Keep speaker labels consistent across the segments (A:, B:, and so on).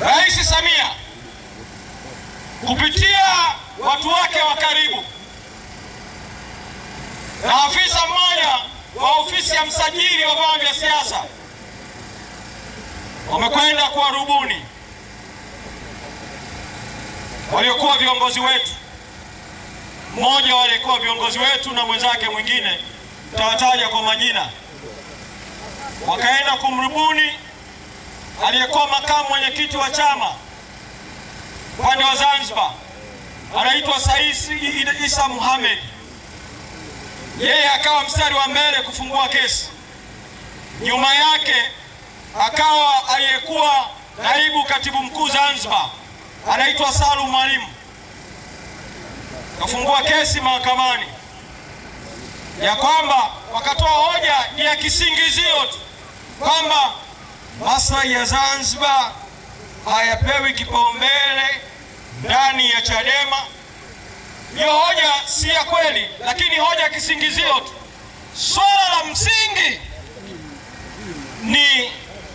A: Rais Samia kupitia watu wake wa karibu na afisa mmoja wa ofisi ya msajili wa vyama vya siasa wamekwenda kuwarubuni waliokuwa viongozi wetu. Mmoja waliokuwa viongozi wetu na mwenzake mwingine, tawataja kwa majina, wakaenda kumrubuni aliyekuwa makamu mwenyekiti wa chama upande wa Zanzibar anaitwa Said Isa Muhamed, yeye akawa mstari wa mbele kufungua kesi. Nyuma yake akawa aliyekuwa naibu katibu mkuu Zanzibar anaitwa Salum Mwalimu, kafungua kesi mahakamani ya kwamba wakatoa hoja ni ya kisingizio tu kwamba maslahi ya Zanzibar hayapewi kipaumbele ndani ya Chadema. Hiyo hoja si ya kweli, lakini hoja kisingizio tu. Swala la msingi ni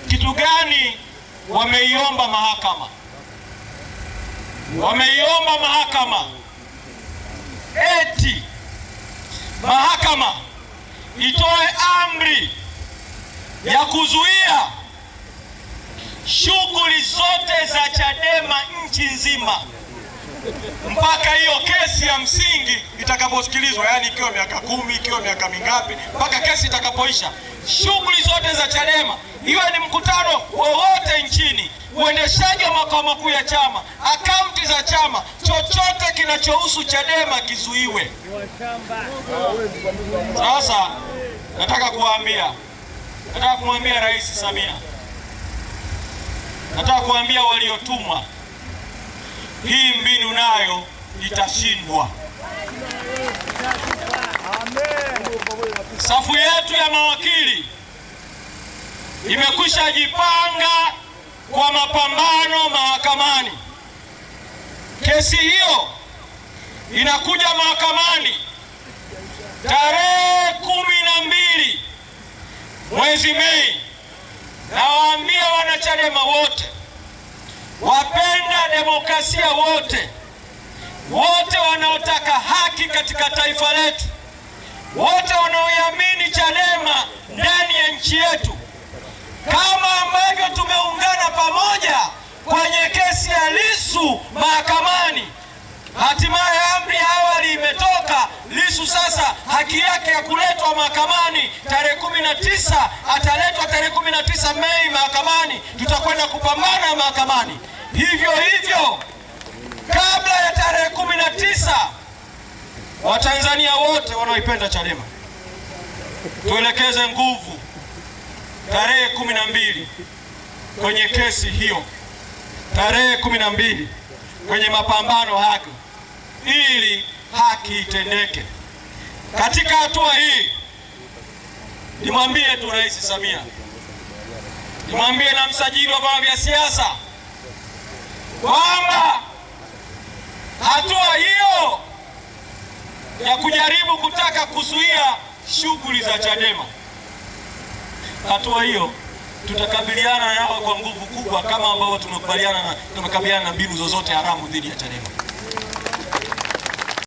A: kitu gani wameiomba mahakama? Wameiomba mahakama eti mahakama itoe amri ya kuzuia shughuli zote za Chadema nchi nzima mpaka hiyo kesi ya msingi itakaposikilizwa, yani ikiwa miaka kumi, ikiwa miaka mingapi, mpaka kesi itakapoisha, shughuli zote za Chadema, iwe ni mkutano wowote nchini, uendeshaji wa makao makuu ya chama, akaunti za chama, chochote kinachohusu Chadema kizuiwe. Sasa nataka kuwaambia, nataka kumwambia Rais Samia Nataka kuambia waliotumwa, hii mbinu nayo itashindwa. Safu yetu ya mawakili imekwisha jipanga kwa mapambano mahakamani. Kesi hiyo inakuja mahakamani tarehe kumi na mbili mwezi Mei. Nawaambia wanachadema wote, wapenda demokrasia wote, wote wanaotaka haki katika taifa letu, wote wanaoiamini Chadema ndani ya nchi yetu, kama ambavyo tumeungana pamoja haki yake ya kuletwa mahakamani tarehe kumi na tisa ataletwa tarehe kumi na tisa Mei mahakamani. Tutakwenda kupambana mahakamani hivyo hivyo, kabla ya tarehe kumi na tisa Watanzania wote wanaoipenda Chadema tuelekeze nguvu tarehe kumi na mbili kwenye kesi hiyo, tarehe kumi na mbili kwenye mapambano haki, ili haki itendeke. Katika hatua hii nimwambie tu Rais Samia, nimwambie na msajili wa vyama vya siasa kwamba hatua hiyo ya kujaribu kutaka kuzuia shughuli za Chadema, hatua hiyo tutakabiliana nayo kwa nguvu kubwa, kama ambavyo tumekubaliana na tumekabiliana na mbinu zozote haramu dhidi ya Chadema.